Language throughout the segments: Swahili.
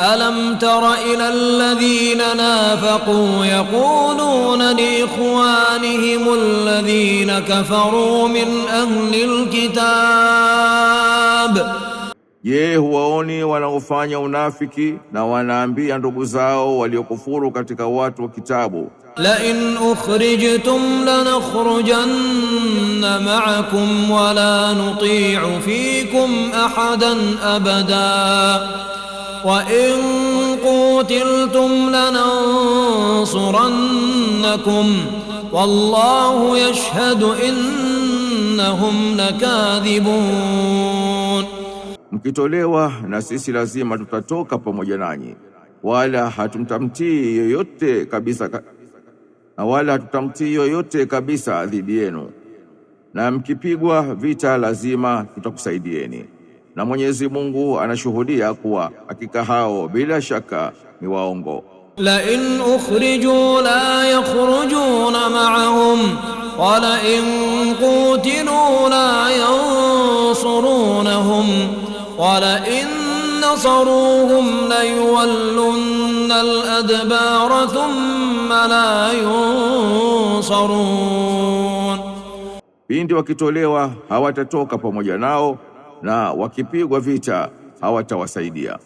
ألم تر إلى الذين نافقوا يقولون لإخوانهم الذين كفروا من أهل الكتاب Je, huwaoni wanaofanya unafiki na wanaambia ndugu zao waliokufuru katika watu wa kitabu, la in ukhrijtum lanakhrujanna ma'akum wa la nuti'u fikum ahadan abada وإن قوتلتم لننصرنكم والله يشهد إنهم لكاذبون mkitolewa na sisi lazima tutatoka pamoja nanyi wala hatumtamtii yoyote kabisa na wala hatutamtii yoyote kabisa dhidi yenu na mkipigwa vita lazima tutakusaidieni na Mwenyezi Mungu anashuhudia kuwa hakika hao bila shaka ni waongo. la in ukhriju la yakhrujuna ma'ahum wa la in qutilu la yansurunahum wa la in nasaruhum la yuwallunna al-adbara thumma la yunsarun, pindi wakitolewa hawatatoka pamoja nao na wakipigwa vita hawatawasaidia,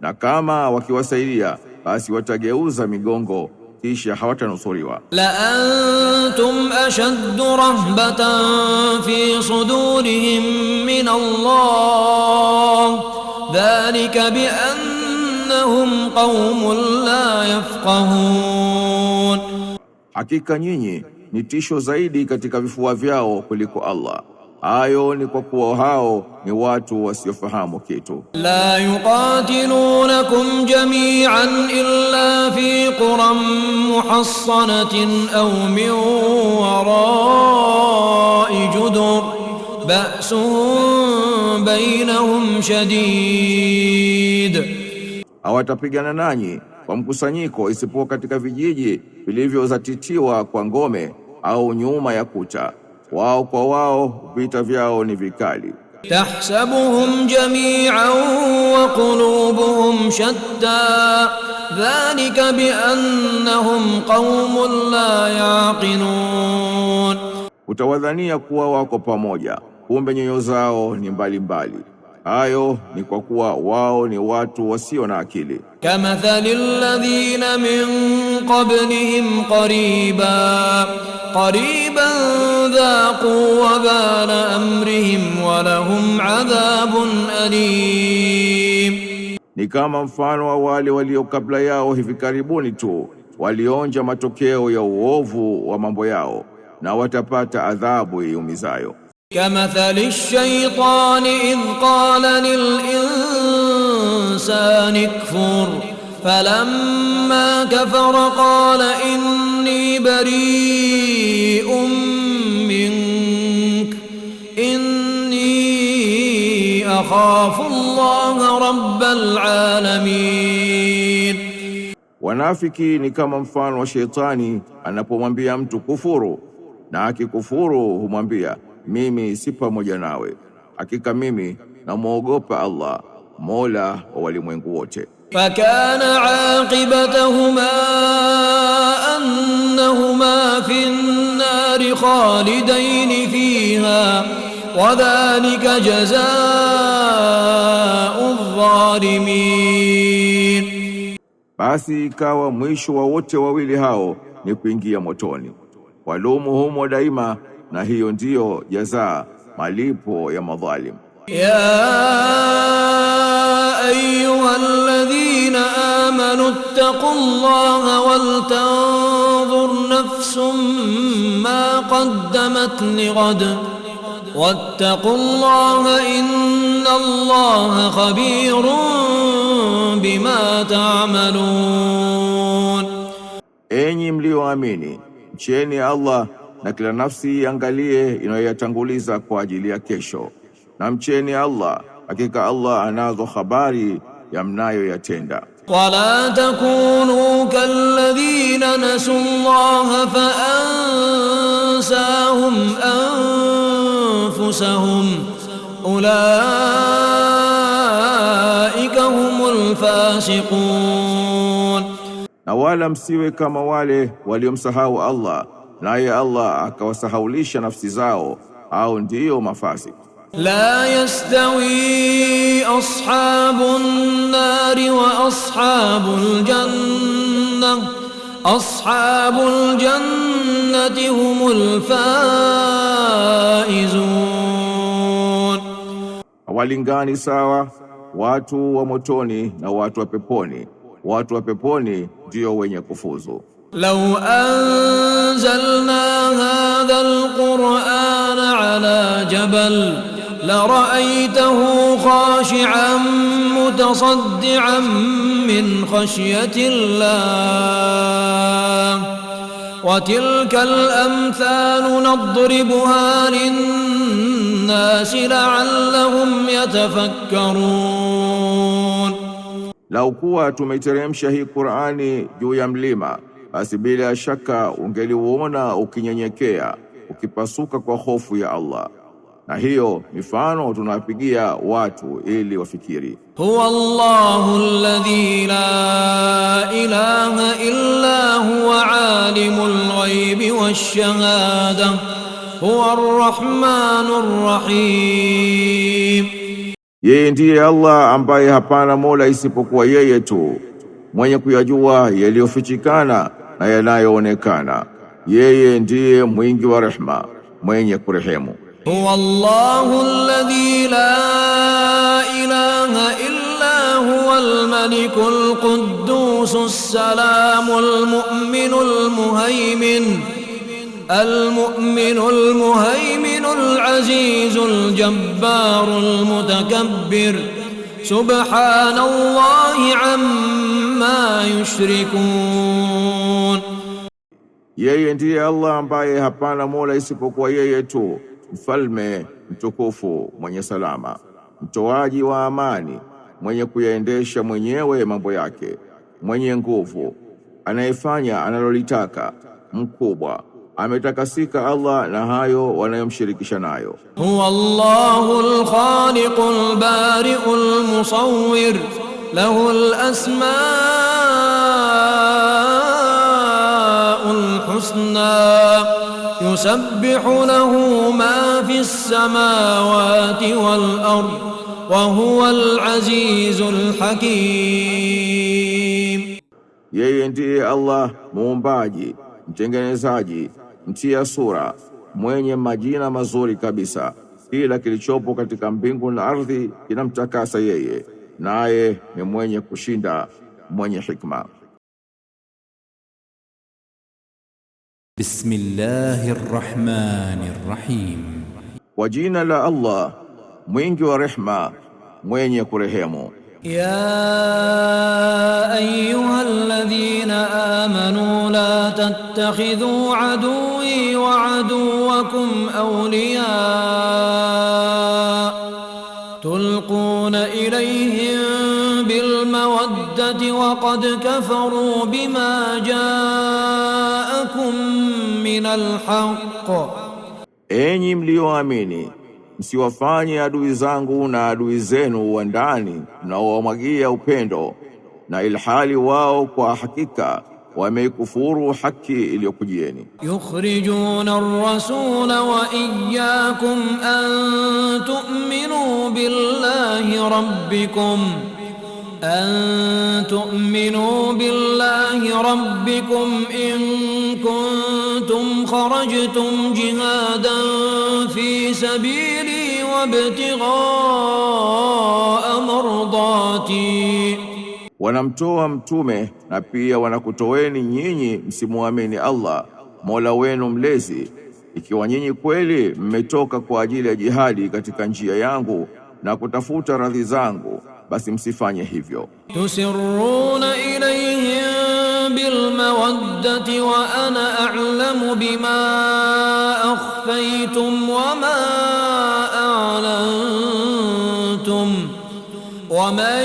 na kama wakiwasaidia basi watageuza migongo kisha hawatanusuriwa. la antum ashaddu rahbatan fi sudurihim min Allah dhalika bi annahum qaumun la yafqahun, hakika nyinyi ni tisho zaidi katika vifua vyao kuliko Allah Hayo ni kwa kuwa hao ni watu wasiofahamu kitu. La yuqatilunakum jami'an illa fi quran muhassanatin aw min wara'i judur ba'sun bainahum shadid, hawatapigana nanyi kwa mkusanyiko isipokuwa katika vijiji vilivyozatitiwa kwa ngome au nyuma ya kuta wao kwa wao vita vyao ni vikali. tahsabuhum jami'an wa qulubuhum shatta dhalika bi annahum qaumun la yaqinun, utawadhania kuwa wako pamoja, kumbe nyoyo zao ni mbali mbali. Hayo ni kwa kuwa wao ni watu wasio na akili. kamathali alladhina min qablihim qariban qariban فذاقوا وبال أمرهم ولهم عذاب أليم ni kama mfano wa wale walio kabla yao hivi karibuni tu walionja matokeo ya uovu wa mambo yao na watapata adhabu iumizayo. Kamathali shaitani idh qala lil insani kfur falamma kafara qala inni bari'un يخافوا الله رب العالمين Wanafiki ni kama mfano wa shetani anapomwambia mtu kufuru, na akikufuru humwambia mimi si pamoja nawe, hakika mimi namwogopa Allah, mola wa walimwengu wote. Fakana aqibatahuma annahuma fi nnari khalidain fiha wa dhalika jazaa الظالمين basi ikawa mwisho wa wote wawili hao ni kuingia motoni walumu humo daima na hiyo ndiyo jazaa malipo ya madhalim ya ayyuhalladhina amanu ittaqullaha wal tanzur ma qaddamat lighad wattaqullaha inna إن الله خبير بما تعملون Enyi mlioamini mcheni Allah na kila nafsi iangalie inayoyatanguliza kwa ajili ya kesho na mcheni Allah hakika Allah anazo habari ya mnayoyatenda wala takunu kalladhina nasu Allah fa ansahum anfusahum ulaika humul fasiqun, na wala msiwe kama wale waliomsahau Allah naye Allah akawasahaulisha nafsi zao, au ndiyo mafasiku. La yastawi ashabun nari wa ashabul janna ashabul jannati humul faizun hawalingani sawa watu wa motoni na watu wa peponi watu wa peponi ndio wenye kufuzu لو أنزلنا هذا القرآن على جبل لرأيته خاشعا متصدعا من خشية الله وتلك الأمثال نضربها للناس لعلهم يتفكرون na ukuwa tumeiteremsha hii Qur'ani juu ya mlima basi bila shaka ungeliuona ukinyenyekea ukipasuka kwa hofu ya Allah na hiyo mifano tunawapigia watu ili wafikiri هو الله الذي لا إله إلا هو عالم الغيب والشهادة هو الرحمن الرحيم Yeye ndiye Allah ambaye hapana Mola isipokuwa yeye tu, mwenye kuyajua yaliyofichikana na yanayoonekana. Yeye ndiye mwingi wa rehema, mwenye kurehemu. هو الله الذي لا إله إلا هو الملك القدوس السلام المؤمن المهيمن المؤمن المهيمن العزيز الجبار المتكبر سبحان الله عما يشركون يا ndiye الله ambaye hapana mola isipokuwa yeye tu mfalme mtukufu mwenye salama, mtoaji wa amani, mwenye kuyaendesha mwenyewe mambo yake, mwenye nguvu, anayefanya analolitaka, mkubwa. Ametakasika Allah na hayo wanayomshirikisha nayo. Huwa Allahul khaliqul bari'ul musawwir lahul asmaul husna يسبح له ما في السماوات والأرض وهو العزيز الحكيم yeye ndiye Allah muumbaji mtengenezaji mtia sura mwenye majina mazuri kabisa kila kilichopo katika mbingu na ardhi kinamtakasa yeye naye ni mwenye kushinda mwenye hikma بسم الله الرحمن الرحيم وجينا لا الله mwingi wa rehma mwenye kurehemu يا أيها الذين آمنوا لا تتخذوا عدوي وعدوكم أولياء تلقون إليهم بالمودة وقد كفروا بما جاءوا min alhaq, enyi mlioamini msiwafanye adui zangu na adui zenu wa ndani mnaowamwagia upendo, na ilhali wao kwa hakika wameikufuru haki iliyokujieni. yukhrijuna ar-rasula wa iyyakum an tu'minu billahi rabbikum أن تؤمنوا بالله ربكم إن كنتم خرجتم جهادا في سبيلي وابتغاء مرضاتي wanamtoa mtume na pia wanakutoweni nyinyi msimuamini Allah Mola wenu mlezi ikiwa nyinyi kweli mmetoka kwa ajili ya jihadi katika njia yangu na kutafuta radhi zangu basi msifanye hivyo. tusiruna ilayhim bilmawaddati wa ana a'lamu bima akhfaytum wa ma a'lantum wa man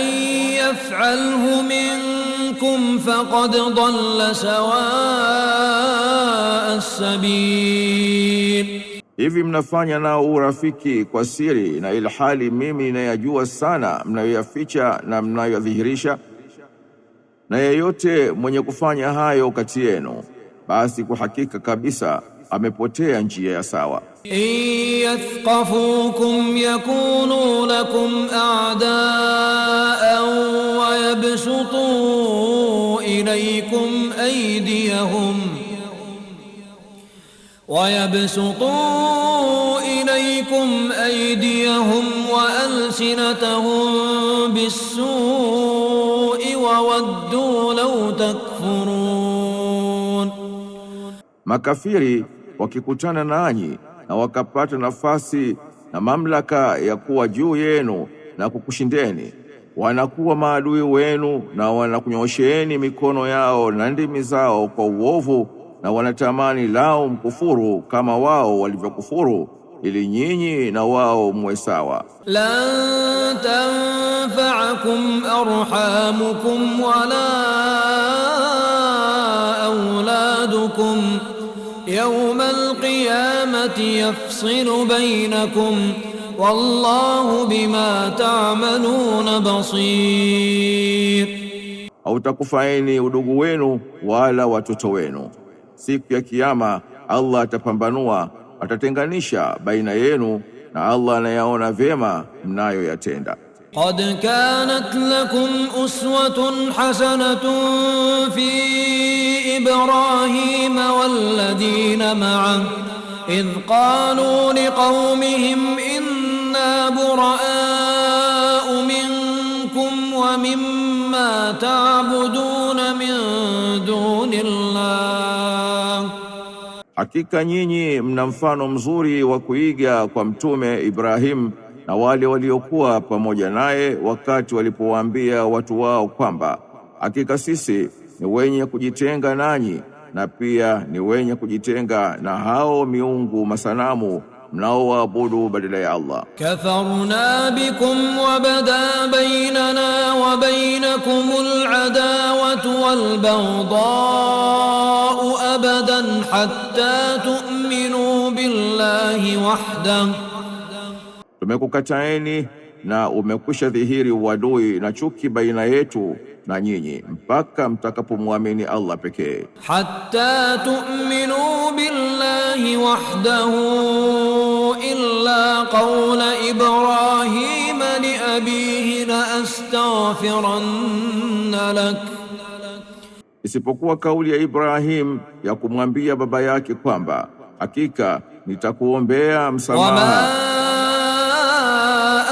yaf'alhu minkum faqad dhalla sawa'a as-sabil Hivi mnafanya nao urafiki kwa siri, na ilhali mimi nayajua sana mnayoyaficha na mnayodhihirisha Na yeyote mwenye kufanya hayo kati yenu, basi kwa hakika kabisa amepotea njia ya sawa. yathqafukum yakunu lakum a'daa wa yabsutu ilaykum aydiyahum ويبسطوا إليكم أيديهم وألسنتهم بالسوء وودوا لو تكفرون makafiri wakikutana nanyi na wakapata nafasi na mamlaka ya kuwa juu yenu na kukushindeni wanakuwa maadui wenu na wanakunyosheeni mikono yao na ndimi zao kwa uovu na wanatamani lao mkufuru kama wao walivyokufuru ili nyinyi na wao mwe sawa. Lan tanfa'akum arhamukum wala auladukum yawma alqiyamati yafsilu bainakum wallahu bima ta'maluna basir, hautakufaini udugu wenu wala watoto wenu Siku ya Kiyama Allah atapambanua, atatenganisha baina yenu, na Allah anayaona vyema mnayoyatenda. Qad kanat lakum uswatun hasanatun fi Ibrahim walladhina ma'ahu idh qalu liqaumihim inna buraa'u minkum wa mimma ta'buduna min duni Hakika nyinyi mna mfano mzuri wa kuiga kwa Mtume Ibrahim na wale waliokuwa pamoja naye wakati walipowaambia watu wao kwamba hakika sisi ni wenye kujitenga nanyi na pia ni wenye kujitenga na hao miungu masanamu mnaowaabudu badala ya Allah. Kafarna bikum wa bada bainana wa bainakum al-adawatu wal-baghdau أبدا حتى تؤمنوا بالله وحده tumekukataeni na umekwisha dhihiri uadui na chuki baina yetu na nyinyi mpaka mtakapomwamini Allah pekee. Hatta tu'minu billahi wahdahu illa qawla Ibrahim li abihi la astaghfiranna lak isipokuwa kauli ya Ibrahim ya kumwambia baba yake kwamba hakika nitakuombea msamaha.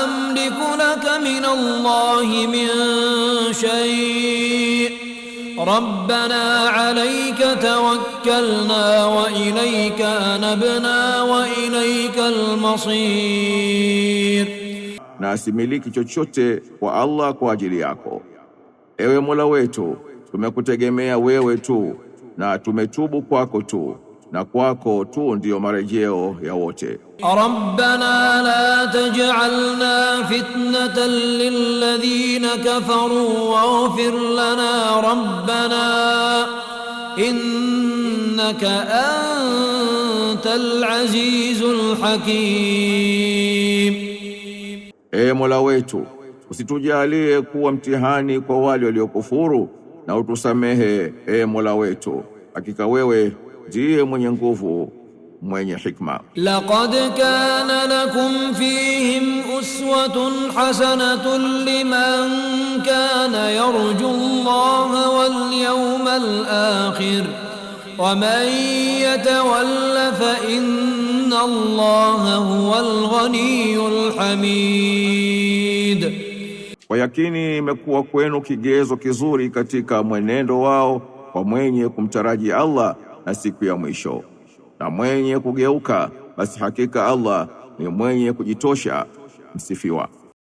amliku laka min Allahi min shay rabbana alayka tawakkalna wa ilayka anabna wa ilayka almasir, na asimiliki chochote kwa Allah kwa ajili yako, ewe Mola wetu tumekutegemea wewe tu na tumetubu kwako tu na kwako tu ndiyo marejeo ya wote. Rabbana la taj'alna fitnatan lilladhina kafaru waghfir lana rabbana innaka antal azizul hakim, E Mola wetu usitujalie kuwa mtihani kwa wale waliokufuru wa na utusamehe e Mola wetu, hakika wewe ndiye mwenye nguvu mwenye hikma. Laqad kana lakum fihim uswatun hasanatun liman kana yarju Allah wal yawmal akhir wa man yatawalla fa inna Allah huwal ghaniyyul hamid Kwa yakini imekuwa kwenu kigezo kizuri katika mwenendo wao kwa mwenye kumtaraji Allah na siku ya mwisho, na mwenye kugeuka, basi hakika Allah ni mwenye kujitosha msifiwa.